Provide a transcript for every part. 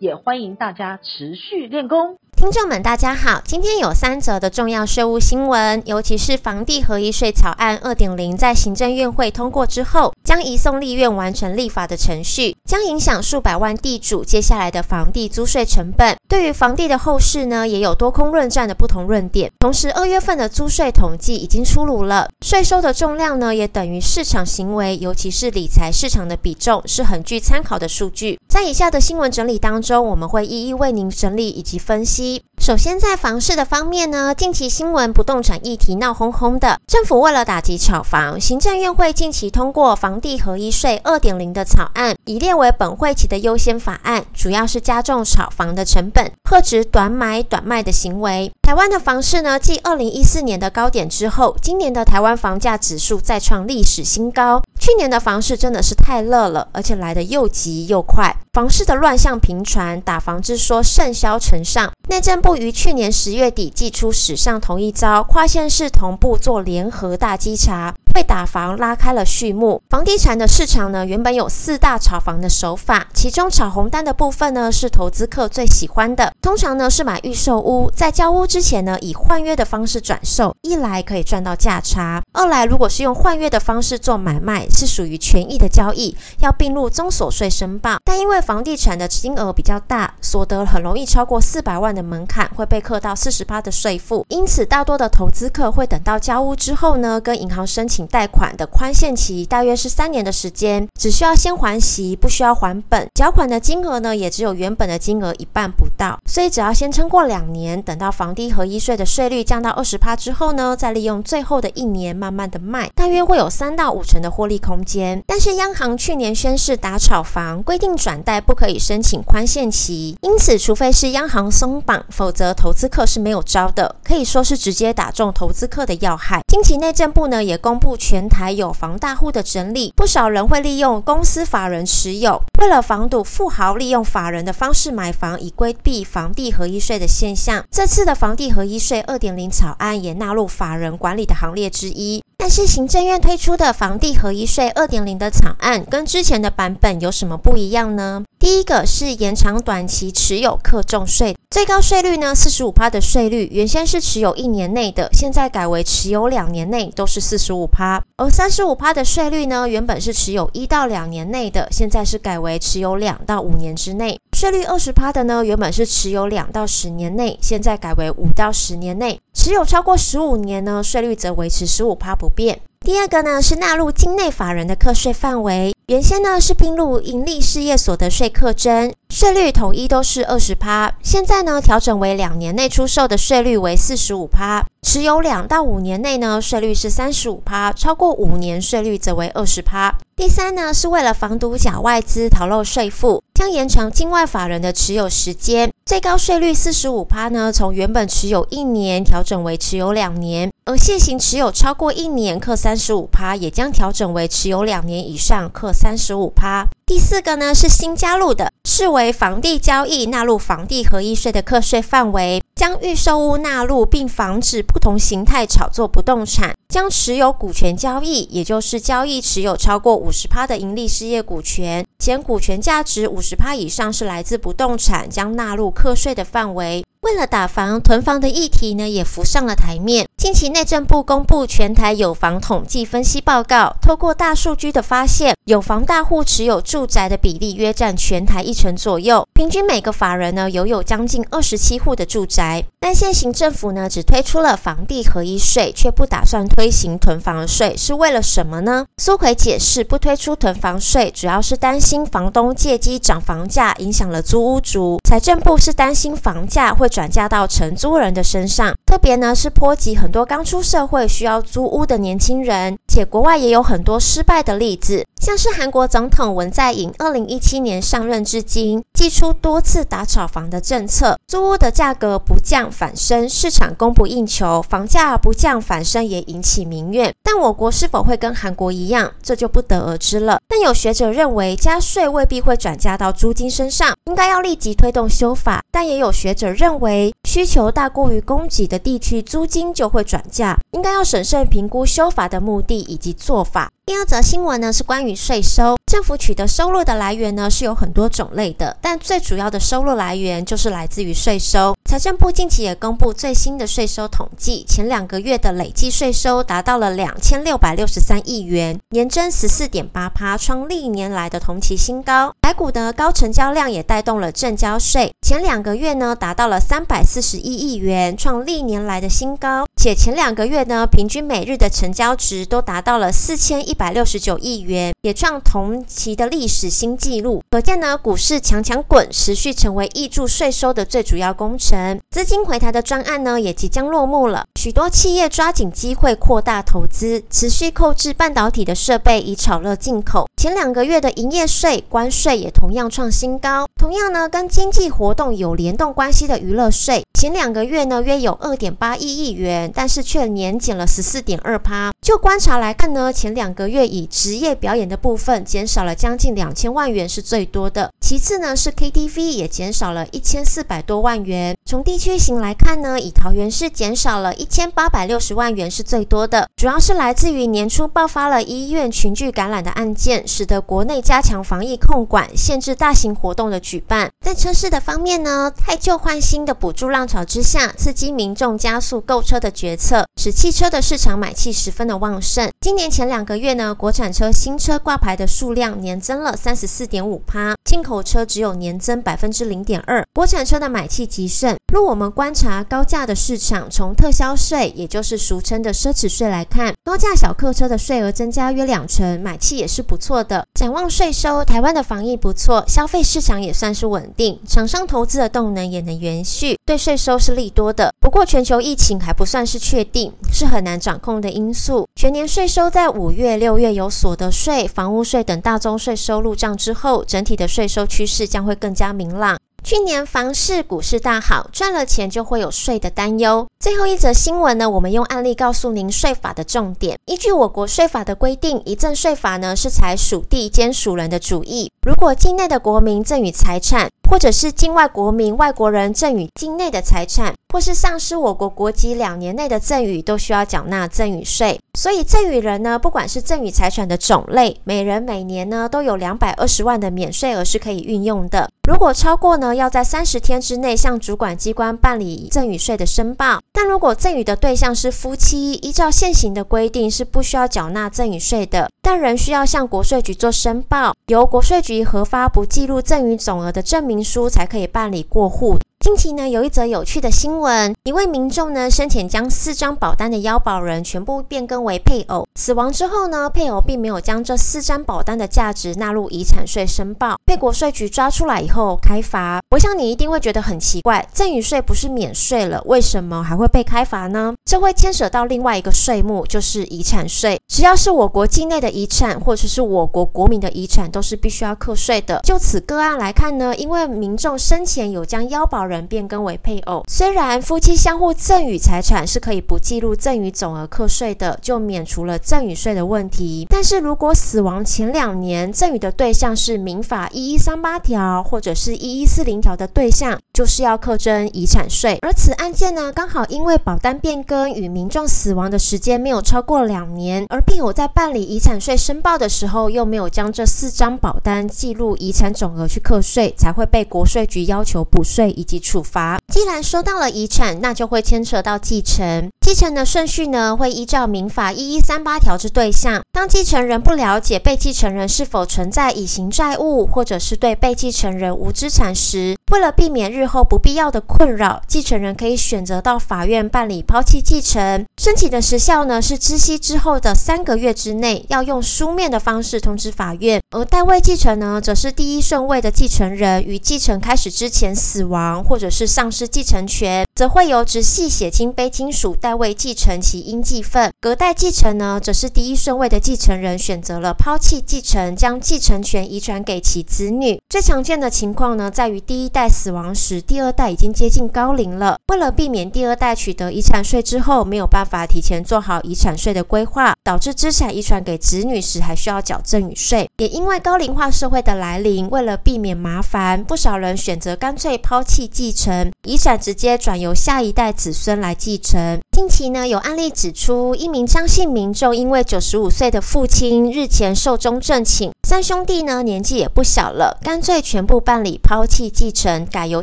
也歡迎大家持續練功。聽眾們，大家好，今天有三則的重要稅務新聞，尤其是房地合一稅草案二點零在行政院會通過之後。將移送立院完成立法的程序，將影響數百萬地主接下來的房地租稅成本。對於房地的後市呢，也有多空論戰的不同論點。同時，二月份的租稅統計已經出爐了，稅收的重量呢，也等於市場行為，尤其是理財市場的比重，是很具參考的數據。在以下的新聞整理當中，我們會一一為您整理以及分析。首先，在房市的方面呢，近期新聞不動產議題鬧哄哄的。政府為了打擊炒房，行政院會近期通過房地合一稅二點零的草案，已列為本會期的優先法案，主要是加重炒房的成本，遏制短買短賣的行為。台灣的房市呢，繼二零一四年的高點之後，今年的台灣房價指數再創歷史新高。去年的房市真的是太熱了，而且來得又急又快，房市的亂象頻傳，打房之說甚囂塵上。內政部於去年十月底祭出史上同一招，跨縣市同步做聯合大稽查。被打房拉開了序幕。房地產的市場呢，原本有四大炒房的手法，其中炒紅單的部分呢，是投資客最喜歡的。通常呢，是買預售屋，在交屋之前呢，以換約的方式轉售，一來可以賺到價差，二來如果是用換約的方式做買賣，是屬於權益的交易，要併入綜所稅申報。但因為房地產的金額比較大，所得很容易超過四百萬的門檻，會被課到四十八的稅負，因此大多的投資客會等到交屋之後呢，跟銀行申請。貸款的寬限期大約是三年的時間，只需要先還息，不需要還本。繳款的金額呢，也只有原本的金額一半不到，所以只要先撐過兩年，等到房地合一稅的稅率降到二十趴之後呢，再利用最後的一年慢慢的賣，大約會有三到五成的獲利空間。但是央行去年宣示打炒房，規定轉貸不可以申請寬限期，因此除非是央行鬆綁，否則投資客是沒有招的，可以說是直接打中投資客的要害。近期內政部呢也公布。全台有房大戶的整理，不少人會利用公司法人持有。為了防堵富豪利用法人的方式買房，以規避房地合一稅的現象，這次的房地合一稅2.0草案也納入法人管理的行列之一。但是，行政院推出的房地合一稅2.0的草案，跟之前的版本有什麼不一樣呢？第一個是延長短期持有課重稅，最高稅率呢四十五趴的稅率，原先是持有一年內的，現在改為持有兩年內都是四十五趴。而三十五趴的稅率呢，原本是持有一到兩年內的，現在是改為持有兩到五年之內，稅率二十趴的呢，原本是持有兩到十年內，現在改為五到十年內。持有超過十五年呢，稅率則維持十五趴不變。第二個呢是納入境內法人的課稅範圍。原先呢，是併入營利事業所得稅課徵。稅率統一都是二十趴，現在呢，調整為兩年內出售的稅率為四十五趴，持有兩到五年內呢，稅率是三十五趴，超過五年稅率則為二十趴。第三呢是為了防堵假外資逃漏稅負，將延長境外法人的持有時間，最高稅率四十五趴呢，從原本持有一年調整為持有兩年，而現行持有超過一年課三十五趴也將調整為持有兩年以上課三十五趴。第四個呢是新加入的，視為房地交易納入房地合一稅的課稅範圍，將預售屋納入，並防止不同形態炒作不動產；將持有股權交易，也就是交易持有超過五十趴的盈利事業股權，前股權價值五十趴以上是來自不動產，將納入課稅的範圍。為了打房囤房的議題呢，也浮上了台面。近期內政部公布全台有房統計分析報告，透過大數據的發現，有房大戶持有住宅的比例約佔全台一成左右，平均每個法人呢，擁有，有將近二十七戶的住宅。但現行政府呢，只推出了房地合一稅，卻不打算推行囤房稅，是為了什麼呢？蘇奎解釋，不推出囤房稅，主要是擔心房東借機漲房價，影響了租屋族。財政部是擔心房價會。轉嫁到承租人的身上，特別呢是波及很多剛出社會需要租屋的年輕人，且國外也有很多失敗的例子。像是韓國總統文在寅二零一七年上任至今，祭出多次打炒房的政策，租屋的價格不降反升，市場供不應求，房價不降反升也引起民怨。但我國是否會跟韓國一樣，這就不得而知了。但有學者認為，加稅未必會轉嫁到租金身上，應該要立即推動修法。但也有學者認為，需求大過於供給的地區，租金就會轉嫁，應該要審慎評估修法的目的以及做法。第二則新聞呢是關於稅收。政府取得收入的來源呢是有很多種類的，但最主要的收入來源就是來自於稅收。財政部近期也公佈最新的稅收統計，前兩個月的累計稅收達到了兩千六百六十三億元，年增十四點八%，創歷年來的同期新高。台股的高成交量也帶動了證交稅，前兩個月呢達到了三百四十一億元，創歷年來的新高。且前兩個月呢，平均每日的成交值都達到了四千一百六十九億元，也創同期的歷史新紀錄。可見呢，股市強強滾，持續成為挹注稅收的最主要工程。資金回台的專案呢，也即將落幕了。許多企業抓緊機會擴大投資，持續購置半導體的設備以炒熱進口。前兩個月的營業稅、關稅也同樣創新高。同樣呢，跟經濟活動有聯動關係的娛樂稅，前兩個月呢，約有二點八一億元。但是卻年減了十四點二趴。就觀察來看呢，前兩個月以職業表演的部分減少了將近兩千萬元是最多的，其次呢是 KTV 也減少了一千四百多萬元。從地區型來看呢，以桃園市減少了一千八百六十萬元是最多的，主要是來自於年初爆發了醫院群聚感染的案件，使得國內加強防疫控管，限制大型活動的舉辦。在車市的方面呢，汰舊換新的補助浪潮之下，刺激民眾加速購車的決策，使汽車的市場買氣十分的旺盛。今年前兩個月呢，國產車新車掛牌的數量年增了三十四點五趴，進口車只有年增百分之零點二，國產車的買氣極盛。若我們觀察高價的市場，從特銷稅，也就是俗稱的奢侈稅來看，高價小客車的稅額增加約兩成，買氣也是不錯的。展望稅收，台灣的防疫不錯，消費市場也算是穩定，廠商投資的動能也能延續，對稅收是利多的。不過全球疫情還不算是確定，是很難掌控的因素。全年稅收在五月、六月有所得稅、房屋稅等大宗稅收入賬之後，整體的稅收趨勢將會更加明朗。去年房市、股市大好，賺了錢就會有稅的擔憂。最後一則新聞呢，我們用案例告訴您稅法的重點。依據我國稅法的規定，遺贈稅法呢是採屬地兼屬人的主義。如果境內的國民贈與財產，或者是境外國民外國人贈與境內的財產，或是喪失我國國籍兩年內的贈與，都需要繳納贈與稅。所以贈與人呢，不管是贈與財產的種類，每人每年呢都有兩百二十萬的免稅額是可以運用的。如果超過呢，要在三十天之內向主管機關辦理贈與稅的申報。但如果贈與的對象是夫妻，依照現行的規定是不需要繳納贈與稅的，但仍需要向國稅局做申報，由國稅局核發不計入贈與總額的證明書，才可以辦理過戶。近期呢，有一則有趣的新聞，一位民眾呢生前將四張保單的要保人全部變更為配偶。死亡之後呢，配偶並沒有將這四張保單的價值納入遺產稅申報，被國稅局抓出來以後開罰。我想你一定會覺得很奇怪：贈與稅不是免稅了，為什麼還會被開罰呢？這會牽扯到另外一個稅目，就是遺產稅。只要是我國境內的遺產，或者是我國國民的遺產，都是必須要課稅的。就此個案來看呢，因為民眾生前有將要保人變更為配偶，雖然夫妻相互贈與財產是可以不計入贈與總額課稅的，就免除了。贈與稅的問題，但是如果死亡前兩年贈與的對象是民法一一三八條或者是一一四零條的對象，就是要課徵遺產稅。而此案件呢，剛好因為保單變更與民眾死亡的時間沒有超過兩年，而配偶在辦理遺產稅申報的時候，又沒有將這四張保單計入遺產總額去課稅，才會被國稅局要求補稅以及處罰。既然收到了遺產，那就會牽扯到繼承，繼承的順序呢，會依照民法一一三八。八條制對象，當繼承人不了解被繼承人是否存在隱形債務，或者是對被繼承人無資產時。為了避免日後不必要的困擾，繼承人可以選擇到法院辦理拋棄繼承。申請的時效呢是知悉之後的三個月之內，要用書面的方式通知法院。而代位繼承呢，則是第一順位的繼承人於繼承開始之前死亡，或者是喪失繼承權，則會由直系血親卑親屬代位繼承其應繼份。隔代繼承呢，則是第一順位的繼承人選擇了拋棄繼承，將繼承權遺傳給其子女。最常見的情況呢，在於第一代。在死亡時，第二代已經接近高齡了。為了避免第二代取得遺產稅之後沒有辦法提前做好遺產稅的規劃，導致資產遺傳給子女時還需要繳贈與稅。也因為高齡化社會的來臨，為了避免麻煩，不少人選擇乾脆拋棄繼承，遺產直接轉由下一代子孫來繼承。近期呢，有案例指出，一名張姓民眾因為九十五歲的父親日前壽終正寢，三兄弟呢年紀也不小了，乾脆全部辦理拋棄繼承，改由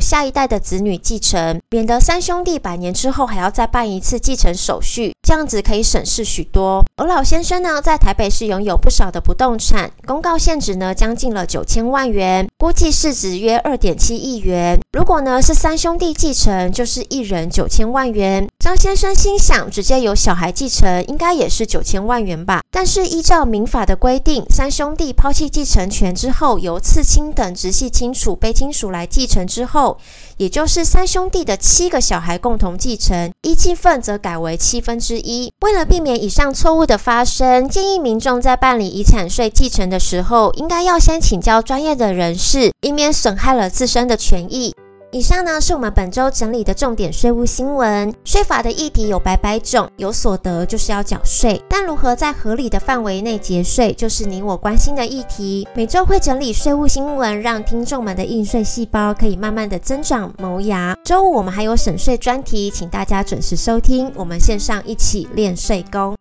下一代的子女繼承，免得三兄弟百年之後還要再辦一次繼承手續，這樣子可以省事許多。而老先生呢，在台北市擁有不少的不動產，公告現值呢將近了九千萬元。估計市值約二點七億元。如果呢，是三兄弟繼承，就是一人九千萬元。張先生心想，直接由小孩繼承，應該也是九千萬元吧？但是依照民法的規定，三兄弟拋棄繼承權之後，由次親等直系親屬卑親屬來繼承之後，也就是三兄弟的七個小孩共同繼承，應繼分則改為七分之一。為了避免以上錯誤的發生，建議民眾在辦理遺產稅繼承的時候，應該要先請教專業的人士，以免損害了自身的權益。以上呢，是我們本週整理的重點稅務新聞，稅法的議題有百百種，有所得就是要繳稅，但如何在合理的範圍內節稅，就是你我關心的議題。每週會整理稅務新聞，讓聽眾們的應稅細胞可以慢慢的增長、萌芽。週五我們還有省稅專題，請大家準時收聽，我們線上一起練稅功。